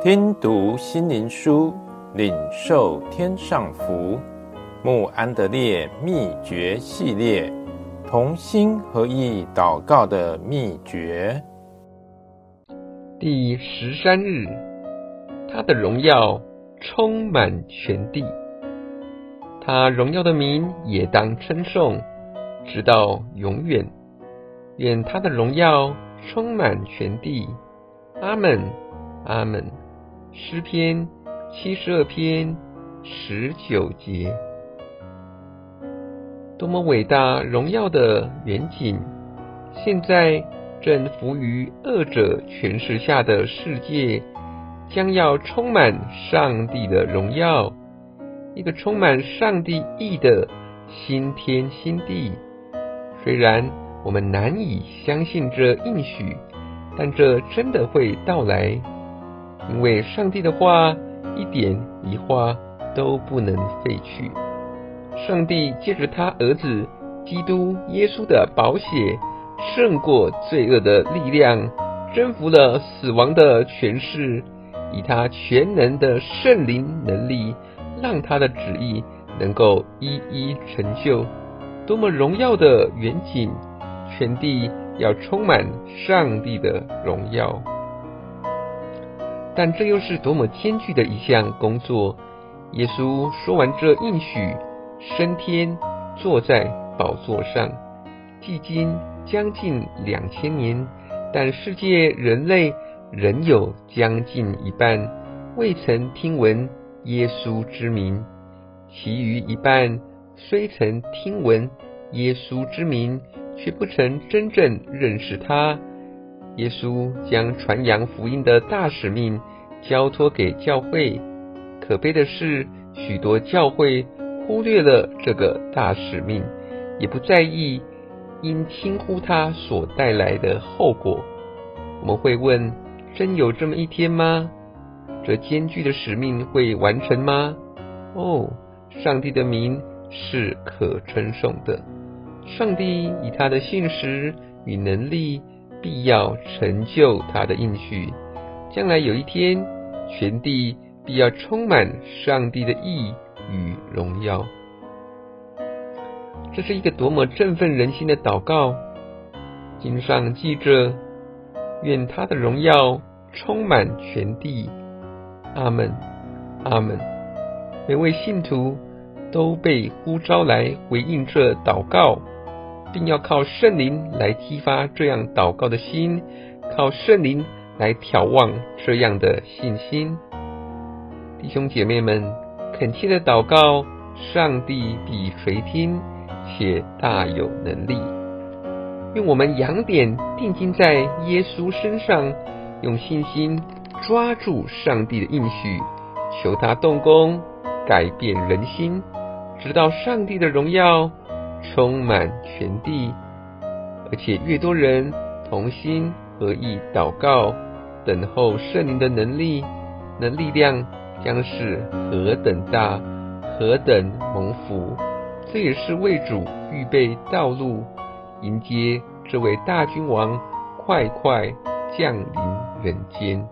聽讀心靈書，領受天上福。慕安德烈秘訣系列，同心合意禱告的秘訣。第十三日，他的榮耀充滿全地，他榮耀的名也當稱頌，直到永遠。願他的榮耀充滿全地。阿門，阿門。詩篇七十二篇十九節，多麼偉大榮耀的遠景！現在正伏於惡者權勢下的世界，將要充滿上帝的榮耀，一個充滿上帝義的新天新地。雖然我們難以相信這應許，但這真的會到來。因為上帝的話，一點一畫都不能廢去。上帝借着他兒子基督耶穌的寶血，勝過罪惡的力量，征服了死亡的權勢，以他全能的聖靈能力，讓他的旨意能夠一一成就。多麼榮耀的遠景！全地要充滿上帝的榮耀。但這又是多麼艱巨的一項工作！耶穌說完這應許，升天坐在寶座上，距今將近兩千年，但世界人類仍有將近一半未曾聽聞耶穌之名，其餘一半雖曾聽聞耶穌之名，卻不曾真正認識他。耶穌將傳揚福音的大使命，交託給教會，可悲的是，許多教會忽略了這個大使命，也不在意因輕忽它所帶來的後果。我們會問：真有這麼一天嗎？這艱巨的使命會完成嗎？哦，上帝的名是可稱頌的，上帝以他的信實與能力，必要成就他的應許。將來有一天，全地必要充滿上帝的義與榮耀。這是一個多麼振奮人心的禱告！經上記着：“願他的榮耀充滿全地。阿們”阿門，阿門。每位信徒都被呼召來回應這禱告，並要靠聖靈來激發這樣禱告的心，靠聖靈。來挑旺這樣的信心，弟兄姐妹們，懇切的禱告，上帝必垂聽且大有能力，願我們仰臉定睛在耶穌身上，用信心抓住上帝的應許，求他動工改變人心，直到上帝的榮耀充滿全地，而且越多人同心合意禱告。等候聖靈的能力，那力量將是何等大！何等蒙福！這也是為主預備道路，迎接這位大君王快快降臨人間。